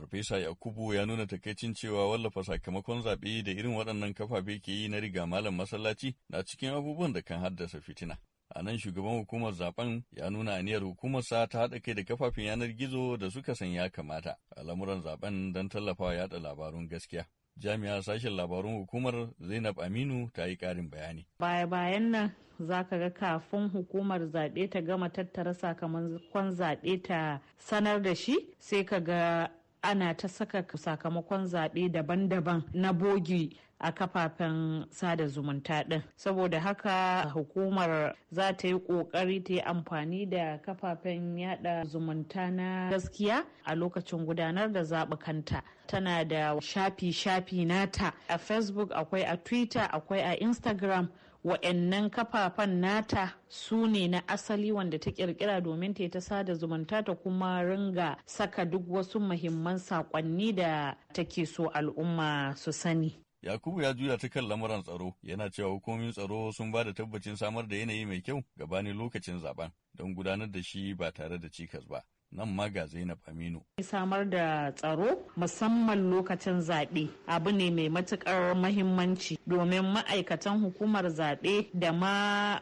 Farfesa Yakubu ya nuna takaicin cewa wallafa sakamakon zaɓe da irin waɗannan kafafe ke yi na riga malam masallaci na cikin abubuwan da kan haddasa fitina. A nan shugaban hukumar zaben ya nuna aniyar hukumarsa ta haɗa kai da kafafen yanar gizo da suka san ya kamata a lamuran zaben don tallafawa yaɗa labarun gaskiya. Jami'a sashen labarun hukumar Zainab Aminu ta yi ƙarin bayani. Baya-bayan nan za ka ga kafin hukumar zaɓe ta gama tattara sakamakon zaɓe ta sanar da shi sai ka ga ana ta saka sakamakon zaɓe daban-daban na bogi a kafafen sada zumunta ɗin saboda haka hukumar za ta yi ƙoƙari ta yi amfani da kafafen yada zumunta na gaskiya a lokacin gudanar da zaɓukanta tana da shafi-shafi nata a facebook akwai a twitter akwai a instagram wa'annan kafafen nata su ne na asali wanda ta kirkira domin ta yi ta sada zumunta ta kuma ringa saka duk wasu muhimman sakonni da take so al'umma su sani. Yakubu ya juya ta kan lamuran tsaro yana cewa hukumomin tsaro sun ba da tabbacin samar da yanayi mai kyau gabanin lokacin zaben don gudanar da shi ba tare da cikas ba. nan ma na Zainab Aminu. Samar da tsaro musamman lokacin zaɓe abu ne mai matuƙar mahimmanci domin ma'aikatan hukumar zaɓe da ma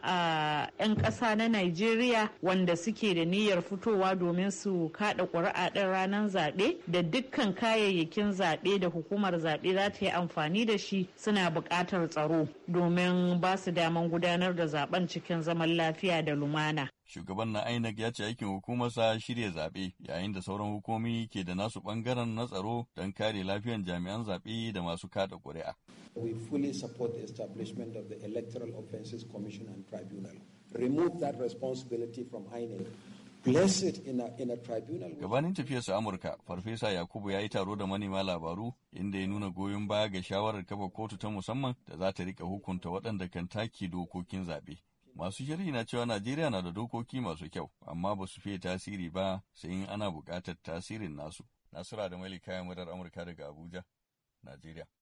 'yan ƙasa na Najeriya wanda suke da niyyar fitowa domin su kaɗa ƙuri'a ɗin ranar zaɓe da dukkan kayayyakin zaɓe da hukumar zaɓe za ta yi amfani da shi suna buƙatar tsaro domin ba su daman gudanar da zaɓen cikin zaman lafiya da lumana. Shugaban na INEC ya ce aikin hukumarsa shirya zaɓe yayin da sauran hukumomi ke da nasu ɓangaren na tsaro don kare lafiyar jami'an zaɓe da masu kada ƙuri'a. We fully support the establishment of the Electoral Offenses Commission and Tribunal. Remove that responsibility from INEC Gabanin tafiyarsa Amurka, Farfesa Yakubu ya yi taro da manema labaru inda ya nuna goyon baya ga shawarar kafa kotu ta musamman da za ta rika hukunta waɗanda kan take dokokin zaɓe. Masu sharhi na cewa Najeriya na da dokoki masu kyau, amma ba su fiye tasiri ba sai in ana buƙatar tasirin nasu. Nasura da kaya ya murar Amurka daga Abuja, Najeriya.